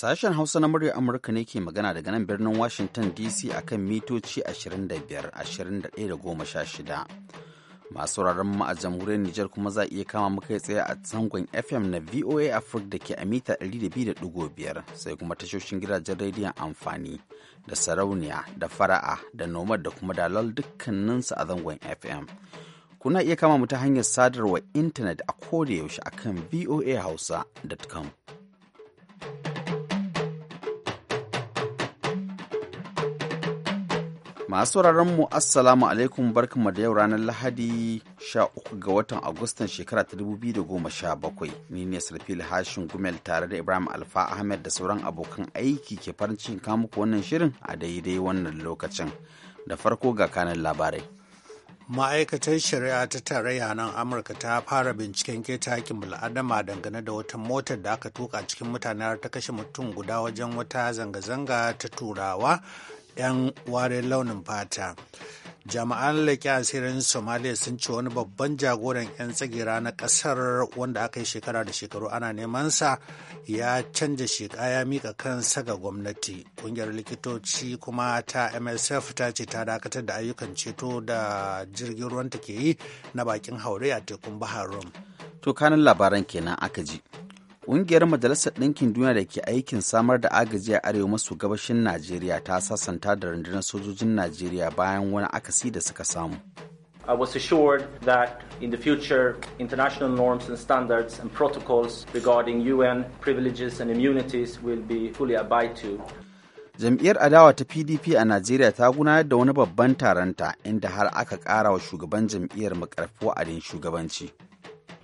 Sashen Hausa na muryar Amurka ne ke magana daga nan birnin Washington DC akan mitoci 25 21 shida Masu wuraren mu a jamhuriyar Nijar kuma za iya kama muka tsaye a zangon FM na VOA Africa da ke a mita 200.5 sai kuma tashoshin gidajen rediyon amfani da sarauniya da fara'a da nomad da kuma dalal dukkaninsu a zangon FM. Kuna iya kama mu ta hanyar sadarwa intanet a koda yaushe akan voahausa.com. Masu mu Assalamu alaikum barkanmu da yau ranar Lahadi 13 ga watan Agustan shekara ta 2017. Ni ne Sarfil Hashin Gumel tare da Ibrahim Alfa Ahmed da sauran abokan aiki ke farin cikin kamuku wannan shirin a daidai wannan lokacin. Da farko ga kanan labarai. Ma'aikatar shari'a ta tarayya nan Amurka ta fara binciken keta hakin bil'adama dangane da wata motar da aka tuka cikin mutane mutanen ta kashe mutum guda wajen wata zanga-zanga ta turawa 'yan ware launin fata. jami'an leƙen asirin somalia sun ce wani babban jagoran 'yan tsagira na ƙasar wanda aka yi shekara da shekaru ana neman sa ya canja sheka ya mika kansa ga gwamnati ƙungiyar likitoci kuma ta msf ta ce ta dakatar da ayyukan ceto da jirgin ruwan ta ke yi na bakin haure a tekun bahar rum to kanin labaran kenan aka ji Ƙungiyar Majalisar Ɗinkin Duniya da ke aikin samar da agaji a arewa maso gabashin Najeriya ta sasanta da rundunar sojojin Najeriya bayan wani akasi da suka samu. I was assured that in the future, international norms and standards and protocols regarding UN privileges and immunities will be fully abide to. Jam'iyyar adawa ta PDP a Najeriya ta gudanar da wani babban taronta inda har aka ƙara wa shugaban jam'iyyar makarfi wa'adin shugabanci.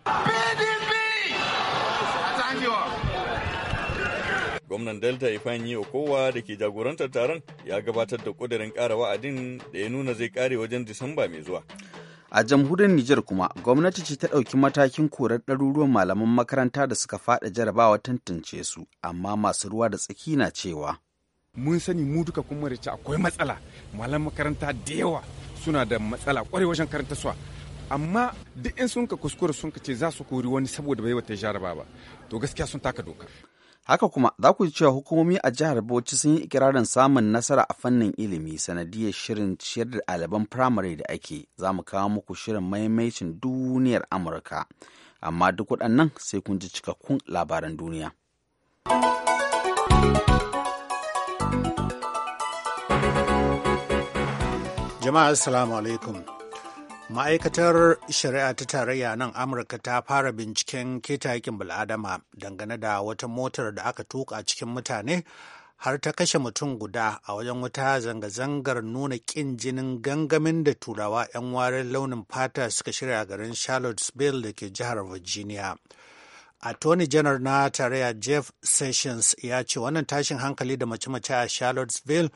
PDP! Gwamnan Delta Ifeanyi Okowa da ke jagorantar taron ya gabatar da kudirin ƙara wa'adin da ya nuna zai kare wajen Disamba mai zuwa. A jamhuriyar Nijar kuma, gwamnati ce ta ɗauki matakin korar ɗaruruwan malaman makaranta da suka faɗa jarabawa tantance su, amma masu ruwa da tsaki na cewa. Mun sani mu duka kun marice akwai matsala, malaman makaranta da yawa suna da matsala kwarai wajen karanta suwa. Amma duk in sun ka kuskure sun ka ce za su kori wani saboda bai wata jaraba ba, to gaskiya sun taka doka. Haka kuma za ku ji cewa hukumomi a jihar Bauchi sun yi ikirarin samun nasara a fannin ilimi sanadiyar shirin ciyar da ɗaliban firamare da ake za mu kawo muku shirin maimaicin duniyar Amurka. Amma duk waɗannan sai kun ji cikakkun labaran duniya. Jama'a Assalamu alaikum. Ma'aikatar Shari'a ta Tarayya nan Amurka ta fara binciken keta yakin bil'adama dangane da wata motar da aka tuka cikin mutane har ta kashe mutum guda a wajen wata zanga-zangar nuna ƙin jinin gangamin da turawa 'yan warin launin fata suka shirya garin Charlottesville da ke jihar Virginia. Attorney General na tarayya Jeff Sessions ya ce wannan tashin hankali da mace-mace a Charlottesville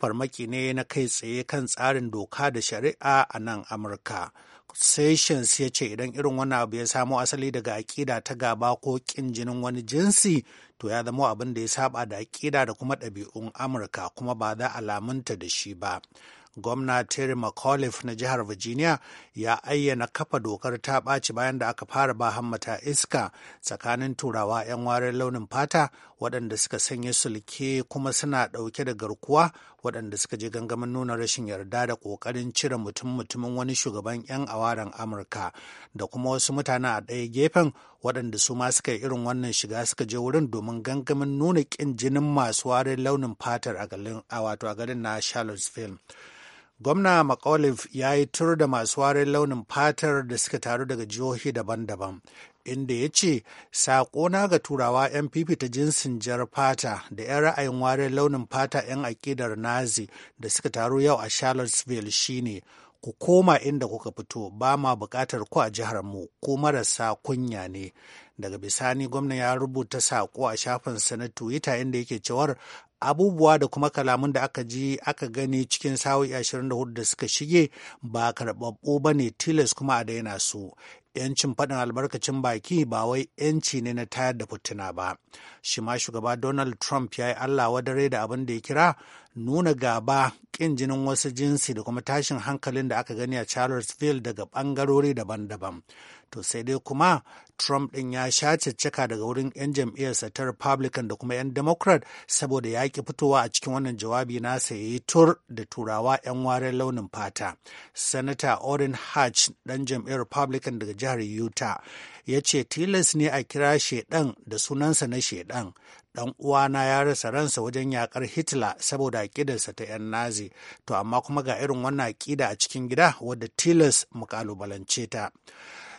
farmaki ne na kai tsaye kan tsarin doka da shari'a a nan amurka sessions ya ce idan irin wani abu ya samo asali daga aƙida ta gaba ko ƙin jinin wani jinsi to ya zama abin da ya saba da aƙida da kuma ɗabi'un amurka kuma ba za a lamunta da shi ba gwamna terry mcauliffe na jihar virginia ya ayyana kafa dokar ta ɓaci bayan da aka fara ba hammata iska tsakanin turawa 'yan warin launin fata waɗanda suka sanya sulke kuma suna ɗauke da garkuwa waɗanda suka je gangamin nuna rashin yarda da ƙoƙarin cire mutum-mutumin wani shugaban 'yan awaren Amurka da kuma wasu mutane a ɗaya gefen waɗanda su ma suka yi irin wannan shiga suka je wurin domin gangamin nuna ƙin jinin masu warin launin fatar a wato a garin na Charlottesville. gwamna mcauliffe ya yi tur da masu warin launin fatar da suka taru daga jihohi daban-daban inda ya ce saƙona ga turawa 'yan fifita jinsin jar fata da 'yan ra'ayin warin launin fata 'yan aƙidar nazi da suka taru yau a charlottesville shine ku koma inda kuka fito ba ma buƙatar ku a jihar mu ko marasa kunya ne daga bisani gwamna ya rubuta saƙo a shafinsa na twitter inda yake cewar abubuwa da kuma kalamun da aka ji aka gani cikin sa'o'i 24 da suka shige ba karɓaɓɓu ba ne tilas kuma a daina su yancin faɗin albarkacin baki ba wai yanci ne na tayar da fitina ba shi ma shugaba donald trump ya yi allah wadare da abin da ya kira nuna gaba ƙin jinin wasu jinsi da kuma tashin hankalin da aka gani a charlottesville daga ɓangarori daban-daban to sai dai kuma Trump din ya sha caccaka daga wurin 'yan jam'iyyarsa ta Republican da kuma 'yan Democrat saboda ya ki fitowa a cikin wannan jawabi na ya yi tur da turawa 'yan waren launin fata. Sanata Orrin Hatch ɗan jam'iyyar Republican daga jihar Utah ya ce tilas ne a kira shedan da sunansa na shedan. Dan uwana ya rasa ransa wajen yakar Hitler saboda aƙidarsa ta 'yan Nazi, to amma kuma ga irin wannan aƙida a cikin gida wadda tilas mu kalubalance ta.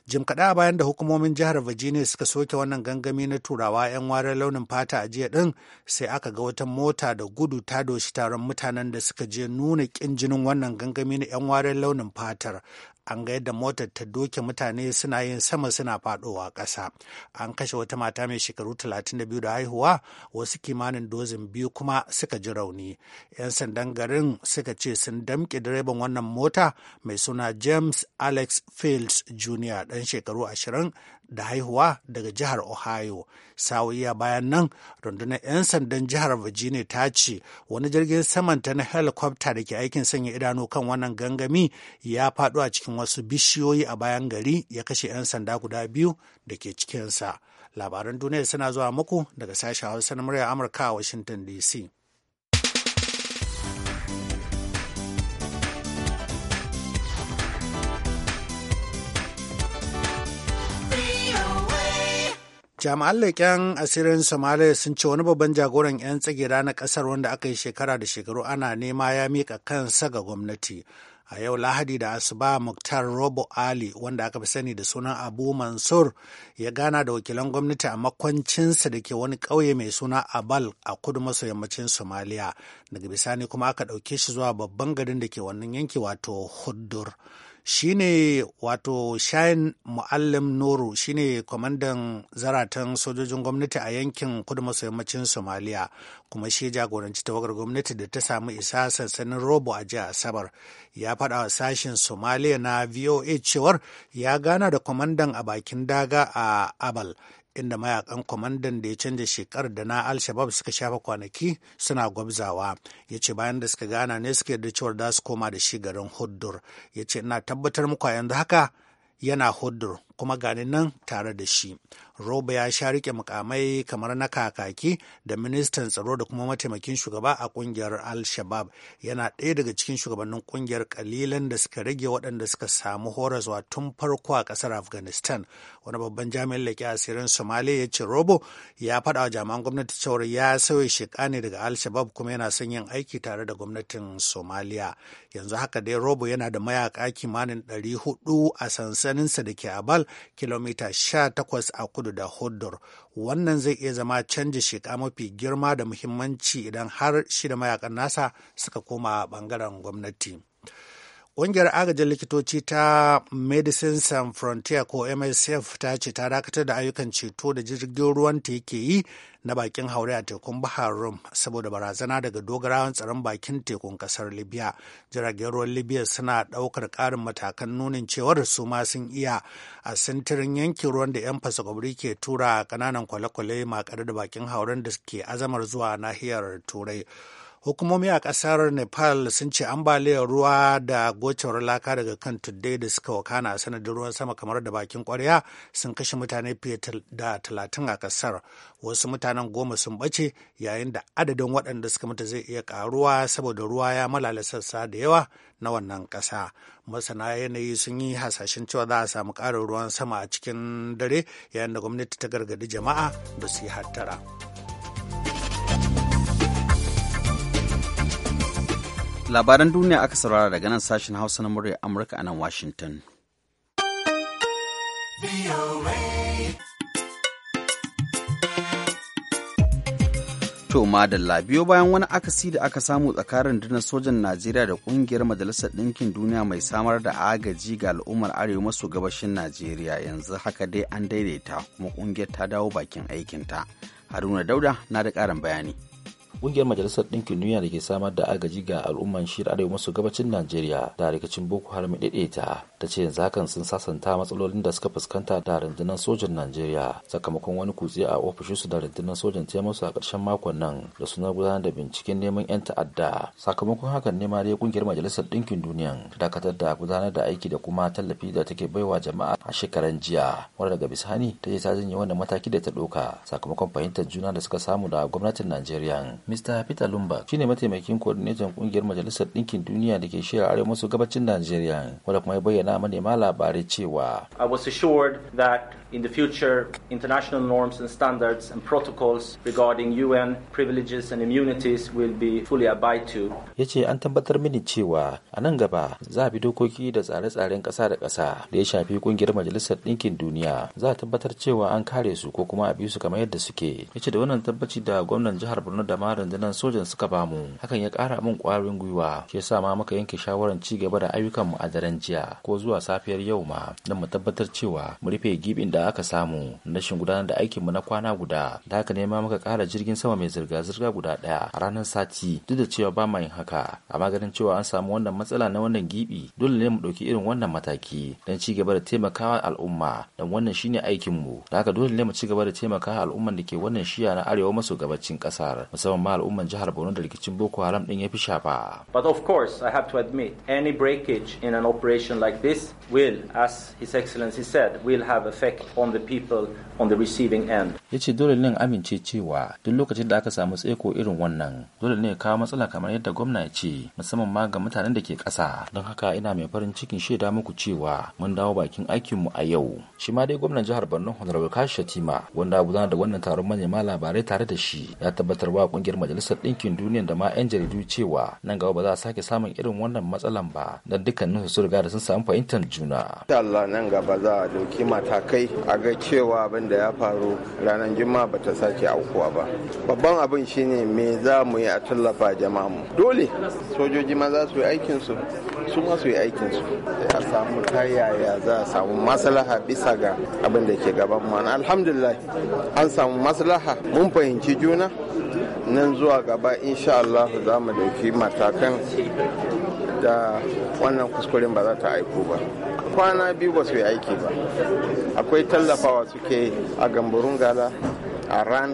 jim kaɗa bayan da hukumomin jihar virginia suka soke wannan gangami na turawa 'yan warar launin fata a jiya ɗin sai aka ga wata mota da gudu ta doshi taron mutanen da suka je nuna ƙin jinin wannan gangami na 'yan warar launin fatar an ga yadda motar ta doke mutane suna yin sama suna fadowa ƙasa an kashe wata mata mai shekaru 32 da haihuwa wasu kimanin dozin biyu kuma suka ji rauni 'yan sandan garin suka ce sun damƙe direban wannan mota mai suna james alex fields jr ɗan shekaru 20 da haihuwa daga jihar Ohio. Sawiya bayan nan, rundunar 'yan sandan jihar Virginia ta ce wani jirgin saman ta na helicopter da ke aikin sanya idanu kan wannan gangami ya faɗo a cikin wasu bishiyoyi a bayan gari ya kashe 'yan sanda guda biyu da ke cikinsa. Labaran duniya suna zuwa muku daga sashen Hausa na murya Amurka a Washington DC. jami'an leƙen asirin somalia sun ce wani babban jagoran 'yan tsagira na ƙasar wanda aka yi shekara da shekaru ana nema ya mika kansa ga gwamnati a yau lahadi da asuba muktar robo ali wanda aka fi sani da sunan abu mansur ya gana da wakilan gwamnati a makwancinsa da ke wani ƙauye mai suna abal a kudu maso yammacin somaliya daga bisani kuma aka ɗauke shi zuwa babban garin da ke wannan yanki wato huddur shine wato shayin mu'allim noro shine kwamandan zaratan sojojin gwamnati a yankin kudu maso yammacin somaliya kuma shi jagoranci tawagar gwamnati da ta samu isa sansanin robo a jihar asabar ya faɗa wa sashen somaliya na voa cewar ya gana da kwamandan a bakin daga a abal inda mayakan kwamandan da ya canja shekar da na al-shabab suka shafa kwanaki suna gwabzawa ya ce bayan da suka gana ne suka yarda cewar za su koma da shi garin hudur ya ce ina tabbatar muku yanzu haka yana hudur. kuma gani nan tare da shi roba ya sha rike mukamai kamar na kakaki da ministan tsaro da kuma mataimakin shugaba a kungiyar al-shabab yana ɗaya daga cikin shugabannin kungiyar kalilan da suka rage waɗanda suka samu horaswa tun farko a ƙasar afghanistan wani babban jami'in a asirin somalia ya ce robo ya faɗa wa jami'an gwamnati cewar ya sauya sheka ne daga al-shabab kuma yana son yin aiki tare da gwamnatin somaliya yanzu haka dai robo yana da mayaƙa kimanin ɗari 400 a sansaninsa da ke abal kilomita 18 a kudu da Hodor. Wannan zai iya zama canji sheka mafi girma da muhimmanci idan har shida mayakan nasa suka koma bangaren gwamnati. Ƙungiyar agajin likitoci ta Medicine Sans Frontier ko MSF ta ce ta dakatar da ayyukan ceto da jirgin ruwanta yake yi na bakin haure a tekun Bahar Rum saboda barazana daga dogarawan tsaron bakin tekun kasar Libya. Jiragen ruwan Libya suna ɗaukar ƙarin matakan nunin cewar su ma sun iya a sintirin yankin ruwan da 'yan fasakobri ke tura ƙananan kwale-kwale makare da bakin hauren da ke azamar zuwa nahiyar Turai. hukumomi a kasar nepal sun ce ambaliyar ruwa da gocewar laka daga kan tuddai da suka wakana a sanadin ruwan sama kamar da bakin kwarya sun kashe mutane fiye da talatin a kasar wasu mutanen goma sun bace yayin da adadin waɗanda suka mutu zai iya karuwa saboda ruwa ya malala sassa da yawa na wannan ƙasa masana yanayi sun yi hasashen cewa za a samu ƙarin ruwan sama a cikin dare yayin da gwamnati ta gargadi jama'a da su yi hattara. labaran duniya aka saurara daga nan sashen hausa na murya amurka a nan washington To madalla biyo bayan wani akasi da aka samu tsakanin rundunar sojan Najeriya da kungiyar Majalisar Ɗinkin Duniya mai samar da agaji ga al'ummar Arewa maso gabashin Najeriya yanzu haka dai an daidaita kuma kungiyar ta dawo bakin aikinta. Haruna Dauda na da ƙarin bayani. Ƙungiyar Majalisar Ɗinkin Duniya da ke samar da agaji ga al'umman shi arewa maso gabacin Najeriya da rikicin Boko Haram daidaita ta ce yanzu hakan sun sasanta matsalolin da suka fuskanta da rundunar sojan Najeriya sakamakon wani kutse a ofishinsu da rundunar sojan ta musu a ƙarshen makon nan da suna gudanar da binciken neman 'yan ta'adda sakamakon hakan ne ma dai kungiyar Majalisar Ɗinkin Duniya dakatar da gudanar da aiki da kuma tallafi da take baiwa jama'a a shekaran jiya wanda daga bisani ta ce ta janye wannan mataki da ta ɗauka sakamakon fahimtar juna da suka samu da gwamnatin Najeriya Mr. Peter Lumba shine mataimakin coordinator kungiyar Majalisar Dinkin Duniya da ke shirya arewa maso gabacin Najeriya wanda kuma ya bayyana manema labarai cewa I was assured that in the future international norms and standards and protocols regarding UN privileges and immunities will be fully abide to yace an tabbatar mini cewa a nan gaba za a bi dokoki da tsare-tsaren ƙasa da ƙasa da ya shafi kungiyar Majalisar Dinkin Duniya za a tabbatar cewa an kare su ko kuma a bi su kamar yadda suke yace da wannan tabbaci da gwamnan jihar Borno da rundunar sojan suka ba mu hakan ya kara min ƙwarin gwiwa shi sa ma muka yanke shawarar ci gaba da ayyukan mu a daren jiya ko zuwa safiyar yau ma don mu tabbatar cewa mu rufe gibin da aka samu rashin gudanar da aikin mu na kwana guda da haka ne ma muka kara jirgin sama mai zirga-zirga guda ɗaya a ranar sati duk da cewa ba ma yin haka amma ganin cewa an samu wannan matsala na wannan gibi dole ne mu ɗauki irin wannan mataki don ci gaba da taimakawa al'umma don wannan shine aikin mu da haka dole ne mu ci gaba da taimakawa al'umman da ke wannan shiya na arewa maso gabacin ƙasar musamman ma al'umman jihar Borno da rikicin Boko Haram din ya fi shafa. But of course, I have to admit, any breakage in an operation like this will, as His Excellency said, will have effect on the people on the receiving end. Ya ce dole ne amince cewa duk lokacin da aka samu tseko irin wannan dole ne kawo matsala kamar yadda gwamna ya ce musamman ma ga mutanen da ke ƙasa. Don haka ina mai farin cikin shaida muku cewa mun dawo bakin aikinmu a yau. Shi ma dai gwamnan jihar Borno Honorable Kashi Shatima wanda gudanar da wannan taron manema labarai tare da shi ya tabbatar wa kungiyar majalisar ɗinkin duniya da ma 'yan jaridu cewa nan gaba ba za a sake samun irin wannan matsalan ba don dukkanin su riga da sun samu fahimtar juna. Allah nan gaba za a ɗauki matakai a ga cewa abin da ya faru ranar juma'a ba ta sake aukuwa ba. Babban abin shine me za mu yi a tallafa jama'a mu. Dole sojoji ma za su yi aikin su su ma su yi aikin su. Ya samu ta yaya za a samu maslaha bisa ga abin da ke gaban mu. Alhamdulillah an samu maslaha mun fahimci juna nan zuwa gaba insha Allah za mu dauki matakan da wannan kuskuren ba za ta aiko ba kwana biyu ba su yi aiki ba akwai tallafawa suke a gambarun gala a ran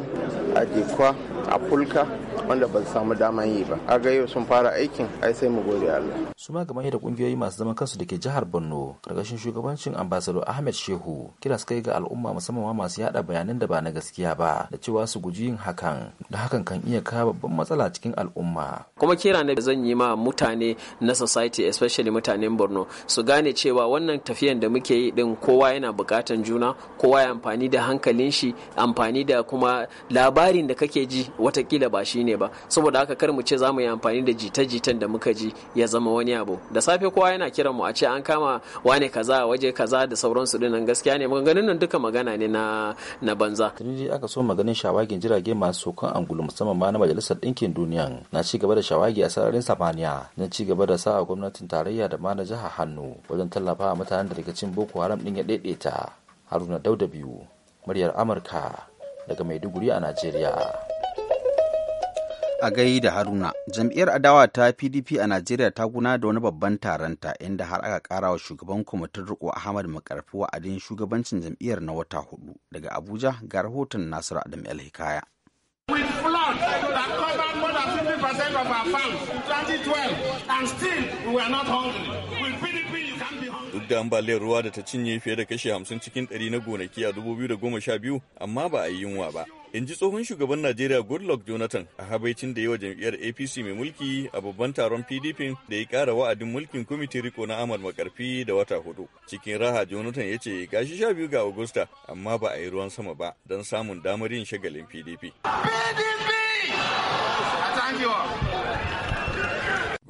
a jikwa a fulka wanda ba samu daman yi ba a ga yau sun fara aikin ai sai mu gode Allah su ma game da kungiyoyi masu zaman kansu da ke jihar Borno karkashin shugabancin ambassador Ahmed Shehu kira su kai ga al'umma musamman ma masu yada bayanan da ba na gaskiya ba da cewa su guji yin hakan da hakan kan iya kawo babban matsala cikin al'umma kuma kira ne zan yi ma mutane na society especially mutanen Borno su gane cewa wannan tafiyan da muke yi din kowa yana bukatan juna kowa ya amfani da hankalin shi amfani da kuma labarin da kake ji watakila ba shine ba saboda haka kar mu ce za mu yi amfani da jita-jitan da muka ji ya zama wani abu da safe kowa yana kiran mu a ce an kama wane kaza waje kaza da sauransu dinnan gaskiya ne maganganun nan duka magana ne na na banza tuni aka so maganin shawagin jirage masu sokan angulu musamman ma na majalisar ɗinkin duniya na ci gaba da shawagi a sararin samaniya na ci gaba da sa gwamnatin tarayya da ma na jihar hannu wajen tallafa mutanen da rikicin boko haram din ya daidaita haruna dauda biyu muryar amurka daga maiduguri a najeriya a gai da haruna jam'iyyar adawa ta pdp a najeriya ta guna da wani babban taronta inda har aka kara wa shugaban kwamitin riko ahmad makarfi wa'adin shugabancin jam'iyyar na wata hudu daga abuja ga rahoton nasiru adam el hikaya Duk da ambaliyar ruwa da ta cinye fiye da kashi 50 cikin 100 na gonaki a 2012, amma ba a yi yunwa ba. in ji tsohon shugaban najeriya goodluck jonathan a habaicin da yi wa jam'iyyar apc mai mulki a babban taron pdp da ya kara wa'adin mulkin kwamitin riko na ahmad makarfi da wata hudu cikin raha jonathan ya ce gashi sha biyu ga agusta amma ba a yi ruwan sama ba don samun damar yin shagalin pdp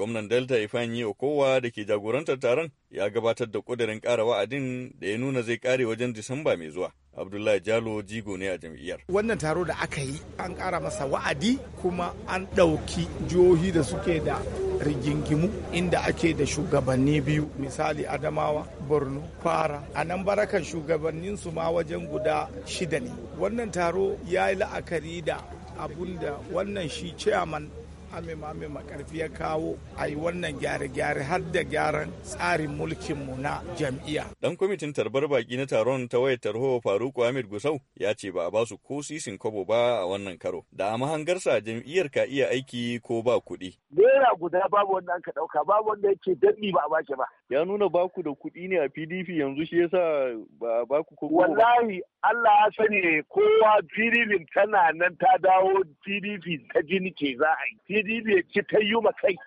Gwamnan Delta Ifeanyi kowa da ke jagorantar taron ya gabatar da ƙudurin ƙara wa'adin da ya nuna zai ƙare wajen Disamba mai zuwa. Abdullahi Jalo jigo ne a jam'iyyar. Wannan taro da aka yi an ƙara masa wa'adi kuma an ɗauki jihohi da suke da rigingimu inda ake da shugabanni biyu misali adamawa borno Fara. a nan barakan su ma wajen guda shida ne wannan taro ya yi la'akari da abun da wannan shi chairman amima amima karfi ya kawo a yi wannan gyare-gyare har da gyaran tsarin mulkinmu na jam'iyya. Dan kwamitin tarbar baki na taron ta wayar tarho Faruku Ahmed Gusau ya ce ba a ba su ko sisin kobo ba a wannan karo. Da a mahangarsa jam'iyyar ka iya aiki ko ba kuɗi. Bera guda babu wanda an ka ɗauka babu wanda yake danni ba a ba ba. Ya nuna ba ku da kuɗi ne a PDP yanzu shi yasa ba ba ku ko Wallahi Allah ya sani kowa PDP tana nan ta dawo PDP ta jini ke za a yi. PDP ya ci ta yi kai.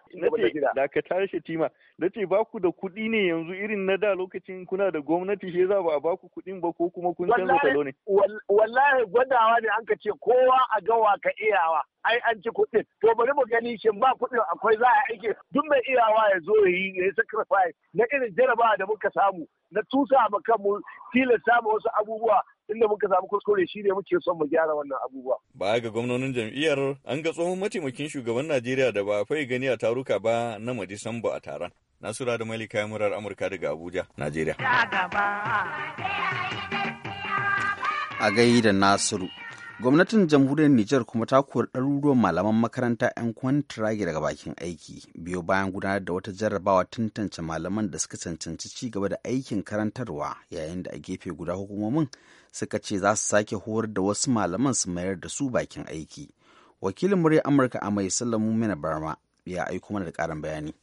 Da ka tare shatima, Na ce ba ku da kuɗi ne yanzu irin na da lokacin kuna da gwamnati shi za ba a ba ku kuɗin ba ko kuma kun canza salo ne. Wallahi gwadawa ne an ka ce kowa a gawa ka iyawa. Ai an ci kuɗin. To bari mu gani shin ba kuɗin akwai za a aiki duk mai iyawa ya zo ya yi ya yi sacrifice na irin jarabawa da muka samu na tusa ma kanmu tilasta ma wasu abubuwa inda muka samu kuskure shi ne muke son mu gyara wannan abubuwa. Baya ga gwamnonin jam'iyyar an ga tsohon mataimakin shugaban Najeriya da ba a fai gani a taruka ba na Madisamba a taron. Nasura da Malika murar Amurka daga Abuja, Najeriya. A gaida Nasiru. gwamnatin jamhuriyar nijar kuma ta kori ɗaruruwan malaman makaranta 'yan kwantiragi daga bakin aiki biyo bayan gudanar da wata jarrabawa tantance malaman da suka cancanci ci gaba da aikin karantarwa yayin da a gefe guda hukumomin suka ce za su sake horar da wasu malaman su mayar da su bakin aiki wakilin murya amurka a mai sallamu mina barma ya aiko mana da karin bayani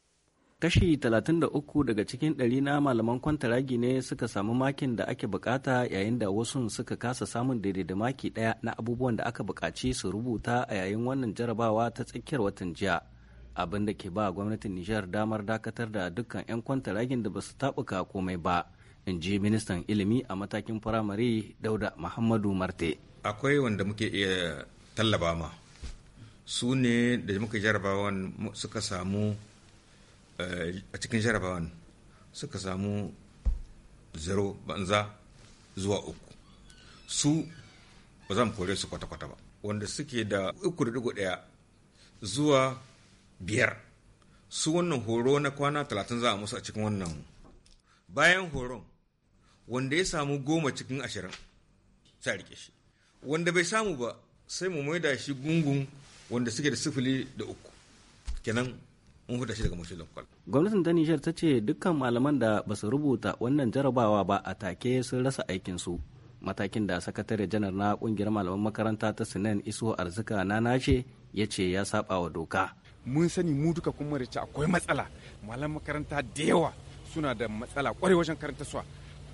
kashi 33 daga cikin ɗari na malaman kwantaragi ne suka samu makin da ake bukata yayin da wasu suka kasa samun daidai da maki daya na abubuwan da aka bukaci su rubuta a yayin wannan jarabawa ta tsakiyar watan jiya abin da ke ba gwamnatin nijar damar dakatar da dukkan 'yan kwantaragin da ba su taɓuka komai ba in ji ministan ilimi a matakin firamare dauda muhammadu marte akwai wanda muke iya tallaba ma su ne da muka jarabawa suka samu Eh, a cikin jarabawan suka samu zero banza zuwa uku su ba zan kore su kwata-kwata ba wanda suke da uku da digo daya zuwa biyar su wannan horo na kwana talatin za a musu a cikin wannan bayan horon wanda ya samu goma cikin ashirin sai rike shi wanda bai samu ba sai mu maida shi gungun wanda suke da sifili da uku kenan mun huda shi daga mashilin lokal. Gwamnatin ta Nijar ta ce dukkan malaman da ba su rubuta wannan jarabawa ba a take sun rasa aikinsu. Matakin da sakatare janar na kungiyar malaman makaranta ta Sinan Iso Arzika na nace ya ce ya saba wa doka. Mun sani mu duka kun marice akwai matsala. Malaman makaranta da yawa suna da matsala kwarai wajen karanta suwa.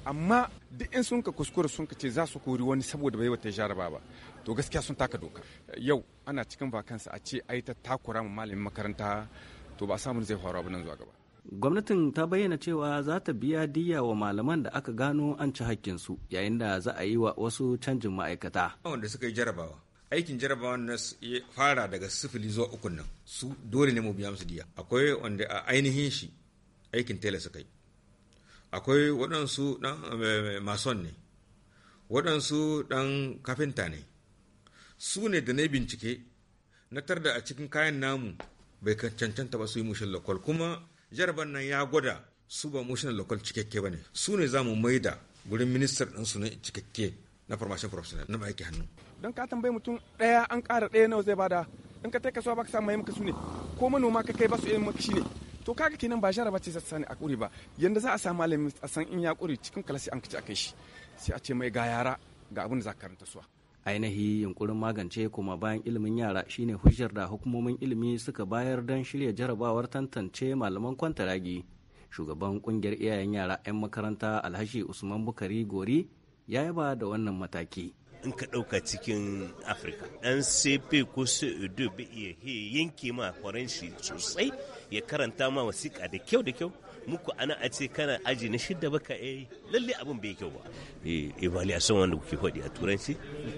Amma duk in sun ka kuskure sun ka ce za su kori wani saboda bai wata jaraba ba. To gaskiya sun taka doka. Yau ana cikin vakansa a ce ai ta takura mu malamin makaranta to ba samun zai faru nan zuwa gaba gwamnatin ta bayyana cewa za ta biya diya wa malaman da aka gano an ci su yayin da za a yi wa wasu canjin ma'aikata wanda suka yi jarabawa aikin jarabawa na fara daga sifili zuwa ukun nan su dole ne mu biya musu diya akwai wanda a ainihin shi aikin tela suka yi akwai waɗansu ɗan eh, eh, mason ne waɗansu ɗan kafinta ne su ne da na bincike na tarda a cikin kayan namu bai cancanta ba su yi mushin lokal kuma jarabar nan ya gwada su ba mushin lokal cikakke ba ne su ne za mu maida gurin ministar ɗansu na cikakke na farmashin professional na aiki hannu don ka tambayi mutum ɗaya an ƙara ɗaya nawa zai bada in ka kai kasuwa ka samu mai maka su ne ko manoma ka kai ba su yin maka shi ne to kaga kenan ba jaraba ce zata sani a kuri ba yanda za a samu malami a san in ya kuri cikin kalasi an kaci a kai shi sai a ce mai ga yara ga abin da za ka karanta suwa ainihi yunkurin magance kuma bayan ilimin yara shine hujjar da hukumomin ilimi suka bayar don shirya jarabawar tantance malaman kwantaragi shugaban kungiyar iyayen yara 'yan makaranta alhashi usman bukari gori ya yaba da wannan mataki in ka ɗauka cikin afirka ɗan cp ko co2 e bai iya yanke ma kwaran sosai ya karanta ma wasiƙa da kyau da kyau muku ana a ce kana aji na shidda baka eh lalle abin bai kyau ba eh evaluation wanda kuke faɗi a turanci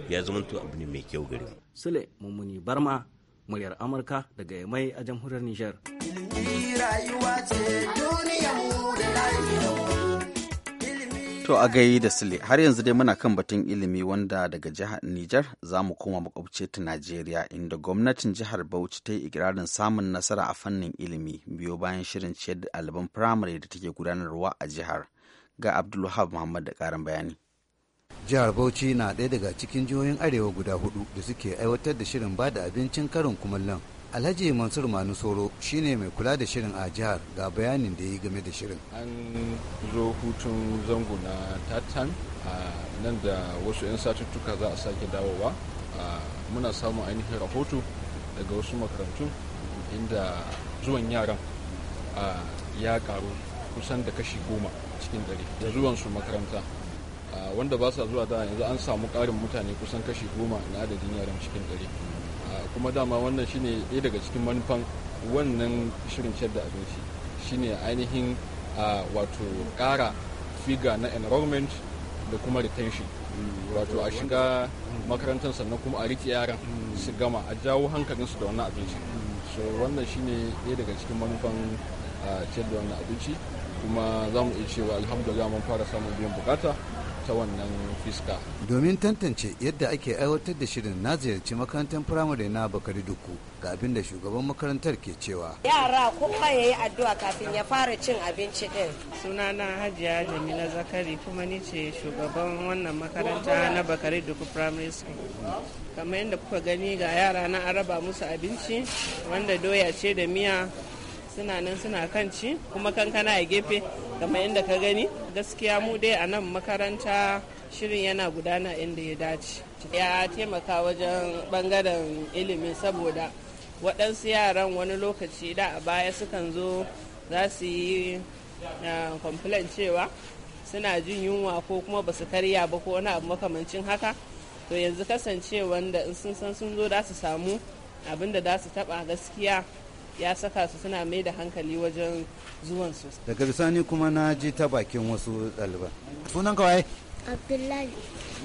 ya zama to abu ne mai kyau gare mu sule mummuni barma muryar amurka daga yamai a jamhuriyar niger rayuwa ce duniyar mu da rayuwa To a gai da sile har yanzu dai muna kan batun ilimi wanda daga jihar Nijar za mu koma makwabce ta Najeriya inda gwamnatin jihar Bauchi ta yi ikirarin samun nasara a fannin ilimi biyo bayan shirin ciyar da ɗaliban firamare da take gudanarwa a jihar. Ga Abdulwahab Muhammad da ƙarin bayani. Jihar Bauchi na ɗaya daga cikin jihohin Arewa guda hudu da suke aiwatar da shirin ba da abincin karin kumallon alhaji mansur manu soro shine mai kula da shirin a jihar ga bayanin da ya yi game da shirin an zo hutun zango na tatan a nan da wasu 'yan satuttuka za a sake dawowa muna samun ainihin rahoto daga wasu makarantu inda zuwan yaran ya karu kusan da kashi goma cikin dare da zuwansu makaranta wanda ba sa zuwa da yanzu an samu karin mutane kusan kashi goma na adadin yaran cikin dare kuma dama wannan shine ɗaya daga cikin manufan wannan shirin ciyar da abinci shine ainihin a wato ƙara figa na enrollment da kuma retention wato a shiga makarantar sannan kuma a riƙe yaran su gama a jawo hankalinsu da wannan abinci so wannan shine ɗaya daga cikin manufan ciyar da wannan abinci kuma za mu iya cewa alhamdulillah mun fara samun biyan bukata ta wannan fiska. Domin tantance yadda ake aiwatar da shirin na ziyarci makarantar firamare na Bakari Duku ga abin da shugaban makarantar ke cewa. Yara kowa ya yi addu'a kafin ya fara cin abinci din. na Hajiya Jamila Zakari kuma ni ce shugaban wannan makaranta na Bakari Duku Primary School. Kamar yadda kuka gani ga yara na araba musu abinci wanda doya ce da miya suna nan suna kan ci kuma kankana a gefe kamar yadda ka gani gaskiya mu dai a nan makaranta shirin yana gudana inda ya dace ya taimaka wajen bangaren ilimi saboda waɗansu yaran wani lokaci da a baya sukan zo za su yi complain cewa suna jin yunwa ko kuma ba su karya ba ko wani abu makamancin haka to yanzu kasancewa da sun san sun zo da su samu abin da za su taba gaskiya ya saka su suna mai da hankali wajen zuwan su daga bisani kuma na ji ta bakin wasu ɗaliban sunan kawai abdullahi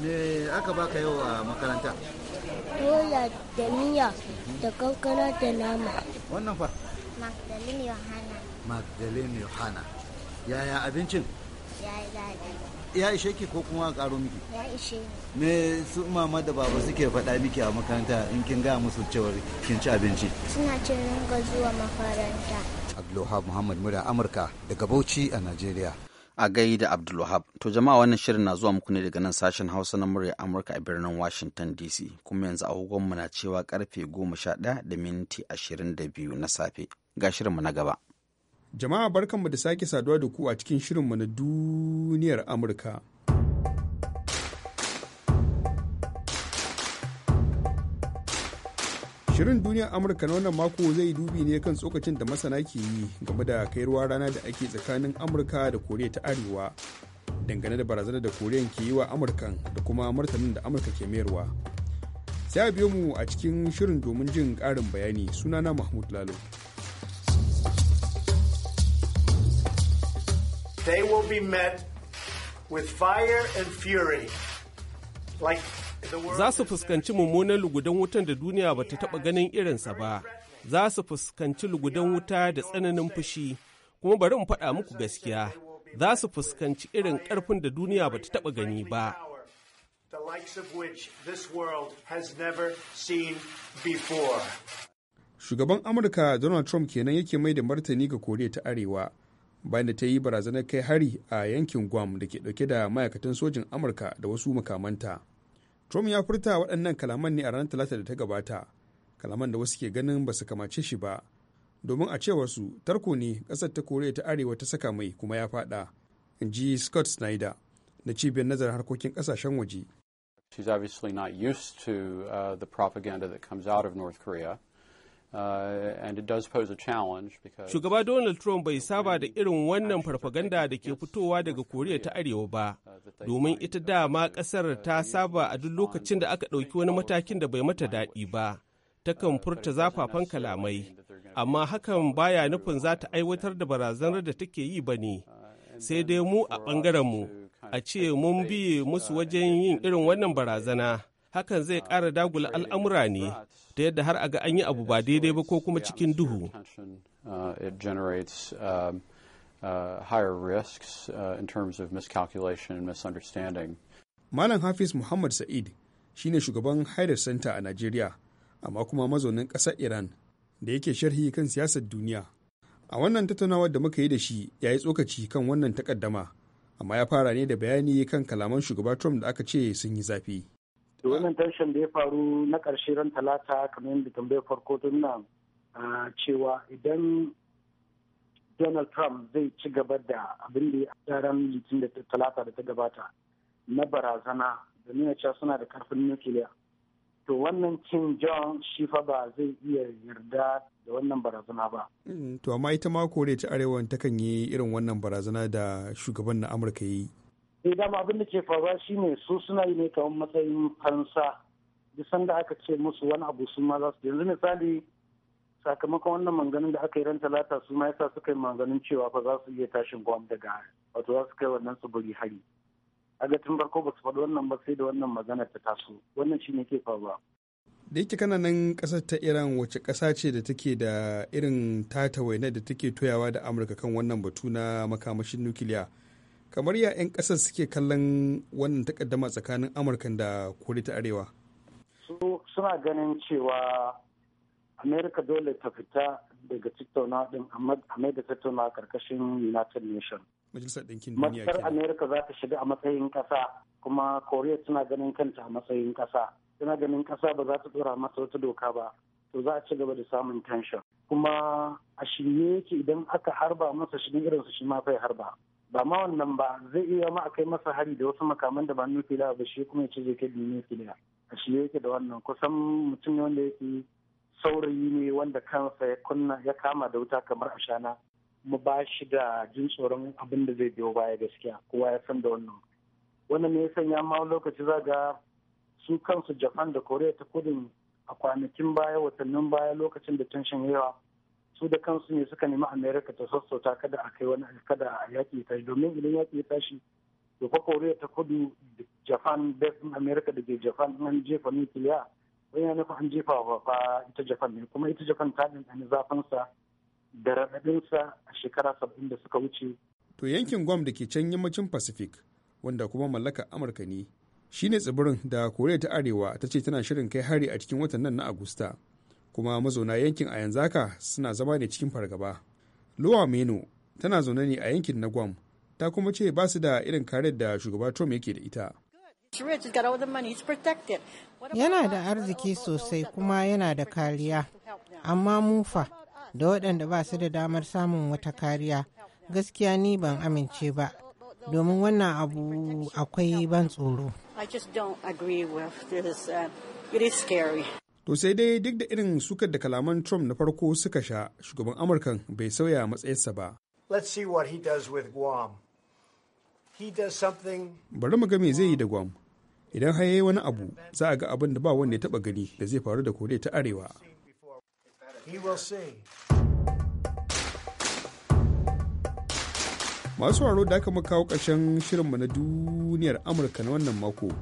me aka baka yau a makaranta Dola da miya da kankana da nama wannan fa magdalene yohana magdalene yohana yaya abincin ya yi daɗi ya ishe ki ko kuma karo miki ya ishe me su mama da baba suke faɗa miki a makaranta in kin ga musu cewar kin ci abinci suna cin ringa zuwa makaranta abdulwahab muhammad Mura amurka daga bauchi a najeriya a gai da abdulwahab to jama'a wannan shirin na zuwa muku ne daga nan sashen hausa na murya amurka a birnin washington dc kuma yanzu agogonmu na cewa karfe goma sha ɗaya da minti ashirin da biyu na safe ga shirinmu na gaba Jama'a barkanmu da sake saduwa da ku a cikin shirinmu na duniyar Amurka. Shirin duniyar Amurka na wannan mako zai dubi ne kan tsokacin da masana ke yi game da ruwa rana da ake tsakanin Amurka da Koriya ta Arewa dangane da barazanar da Koriyan ke yi wa Amurkan da kuma martanin da Amurka ke mayarwa. Sai a biyo mu a cikin shirin domin jin ƙarin bayani sunana Mahmud Lalo. they will be met with fire and fury like Za su fuskanci mummunan lugudan wutan da duniya ba ta taɓa ganin irinsa ba, za su fuskanci lugudan wuta da tsananin fushi, kuma bari mu faɗa muku gaskiya, za su fuskanci irin ƙarfin da duniya ba ta taɓa gani ba. Shugaban Amurka Donald Trump kenan yake mai da martani ga Koriya ta Arewa. bayan da ta yi barazanar kai hari a yankin guam da ke dauke da ma'aikatan sojin amurka da wasu makamanta trump ya furta waɗannan kalaman ne a ranar talata da ta gabata kalaman da wasu ke ganin ba su kamace shi ba domin a cewar su tarko ne ƙasar ta koriya ta arewa ta saka mai kuma ya faɗa in ji scott snyder da cibiyar nazarin harkokin ƙasashen waje She's obviously not to uh, the propaganda that comes out of Uh, Shugaba Donald Trump bai saba da irin wannan farfaganda da ke fitowa uh, daga Koriya ta Arewa ba, uh, domin ita dama ƙasar ta saba a duk lokacin da aka ɗauki wani matakin da bai mata daɗi ba, takan furta zafafan kalamai, amma hakan baya nufin za ta aiwatar da barazanar da take yi ba ne, sai dai mu a mu a ce mun biye musu wajen yin irin wannan barazana. hakan zai ƙara dagula al'amura ne da yadda har a ga an yi abu ba daidai ba ko kuma cikin duhu. Uh, uh, uh, Malam Hafiz Muhammad Sa'id shi ne shugaban Haider Center a Najeriya, amma kuma mazaunin ƙasar Iran da yake sharhi kan siyasar duniya. A wannan tattaunawar da muka yi da shi ya yi tsokaci kan wannan takaddama, amma ya fara ne da bayani kan kalaman shugaba Trump da aka ce sun yi zafi. da wannan tension da ya faru na karshe ran talata kamar yadda tambayar farko tun nan cewa idan donald trump zai ci gaba da abin da ya ran litin da talata da ta gabata na barazana da nuna cewa suna da karfin nukiliya to wannan kim john shifa ba zai iya yarda da wannan barazana ba mm, to amma ita ma kore ta arewa takan yi irin wannan barazana da shugaban na amurka yi sai eh, dama abin da ke faruwa shine su suna yi ne kamar matsayin fansa duk da aka ce musu wani abu su ma za su yanzu misali sakamakon wannan manganin da aka yi ran talata su ma yasa suka yi manganin cewa fa za su iya tashin bom daga wato za su kai wannan tsibiri hari a ga tun farko ba su faɗi wannan ba sai da wannan magana ta taso wannan shine ke faruwa da yake kana nan kasar ta iran wace kasa ce da take da irin tata waina da take toyawa da amurka kan wannan batu na makamashin nukiliya kamar ya 'yan kasar suke kallon wannan takaddama tsakanin amurkan da koriya ta arewa su suna ganin cewa amerika dole ta fita daga tattauna din amma da tattauna karkashin united nations majalisar ɗinkin duniya matsar amerika za ta shiga a matsayin kasa kuma korea suna ganin kanta a matsayin kasa tana ganin kasa ba za ta dora masa wata doka ba to za a ci gaba da samun tension kuma a shirye yake idan aka harba masa shi irin su shi ma zai harba ba ma wannan ba zai iya ma a kai masa hari da wasu makaman da ba nukiliya ba shi kuma ya ce zai kai nukiliya a shi yake da wannan kusan mutum ne wanda yake saurayi ne wanda kansa ya kunna ya kama da wuta kamar ashana mu ba shi da jin tsoron abin da zai biyo baya gaskiya kowa ya san da wannan wannan ne ya sanya ma lokaci za ga su kansu japan da korea ta kudin a kwanakin baya watannin baya lokacin da tun yawa su da kansu ne suka nemi america ta sassauta kada a kai wani kada yaƙi ya tashi domin idan yaki ya tashi to fa koriya ta kudu japan in america da ke japan an jefa nukiliya wani nufa an jefa wa fa ita japan ne kuma ita japan ta zafin zafinsa da raɗaɗinsa a shekara saba'in da suka wuce. to yankin guam da ke can yammacin pacific wanda kuma mallakar amurka ne shine tsibirin da koriya ta arewa ta ce tana shirin kai hari a cikin watan nan na agusta kuma mazauna yankin a yanzu haka suna zama ne cikin fargaba luwa meno tana zaune ne a yankin na guam ta kuma ce ba su da irin kare da shugaba trump yake da ita yana da arziki sosai kuma yana da kariya amma mufa da waɗanda ba su da damar samun wata kariya gaskiya ni ban amince ba domin wannan abu akwai ban tsoro To sai dai duk da irin sukar da kalaman Trump na farko suka sha, shugaban Amurkan bai sauya matsayinsa ba. Let's see what he does with Guam. He does something... Bari mu ga me zai yi da Guam. Idan har yayi wani abu, za a ga abin da ba wanda ya taba gani da zai faru da kore ta Arewa. Masu waro da aka kawo ƙarshen shirinmu na duniyar Amurka na wannan mako,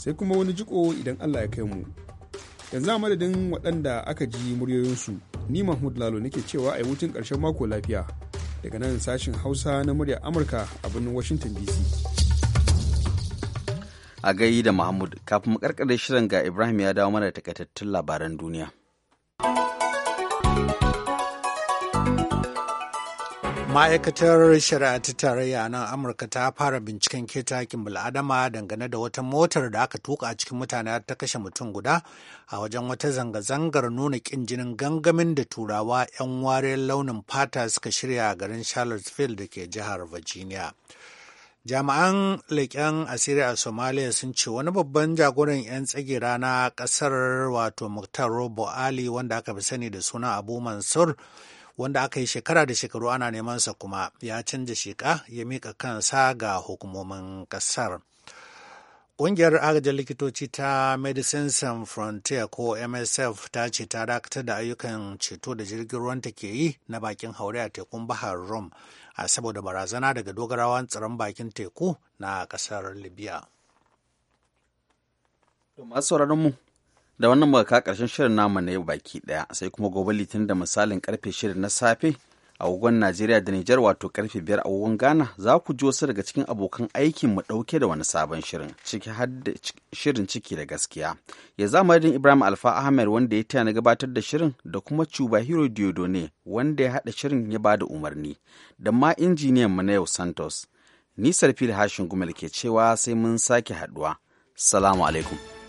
sai kuma wani jiko idan Allah ya kai mu. yanzu a madadin waɗanda aka ji muryoyinsu ni mahmud lalo nake cewa a yi ƙarshen mako lafiya daga nan sashen hausa na murya amurka a birnin washington dc a gayi da mahmud kafin mu karkare shirin ga ibrahim ya dawo mana takaitattun labaran duniya ma'aikatar shari'a ta tarayya nan amurka ta fara binciken ketakin bil'adama dangane da wata motar da aka tuka a cikin mutane ta kashe mutum guda a wajen wata zanga-zangar nuna kin jinin gangamin da turawa 'yan wariyar launin fata suka shirya a garin charlottesville da ke jihar virginia jami'an leƙen asiri a somalia sun ce wani babban jagoran 'yan tsagira na ƙasar wato muktar robo ali wanda aka fi sani da suna abu mansur wanda aka yi shekara da shekaru ana neman sa kuma ya canja sheka ya mika kansa ga hukumomin kasar. Ƙungiyar agajin likitoci ta Medicines Sans Frontier ko MSF ta ce ta dakatar da ayyukan ceto da jirgin ruwan ta ke yi na bakin haure a tekun Bahar Rum a saboda barazana daga dogarawan tsaron bakin teku na ƙasar Libya. masu da wannan muka ka karshen shirin namu na yau baki daya sai kuma gobe litinin da misalin karfe shirin na safe a agogon najeriya da nijar wato karfe biyar a agogon ghana za ku ji wasu daga cikin abokan aikin mu dauke da wani sabon shirin ciki har da shirin ciki da gaskiya ya za madadin ibrahim alfa ahmed wanda ya taya na gabatar da shirin da kuma cuba hero diodone wanda ya haɗa shirin ya bada umarni da ma injiniyan mu na yau santos ni sarfil hashin gumel ke cewa sai mun sake haɗuwa salamu alaikum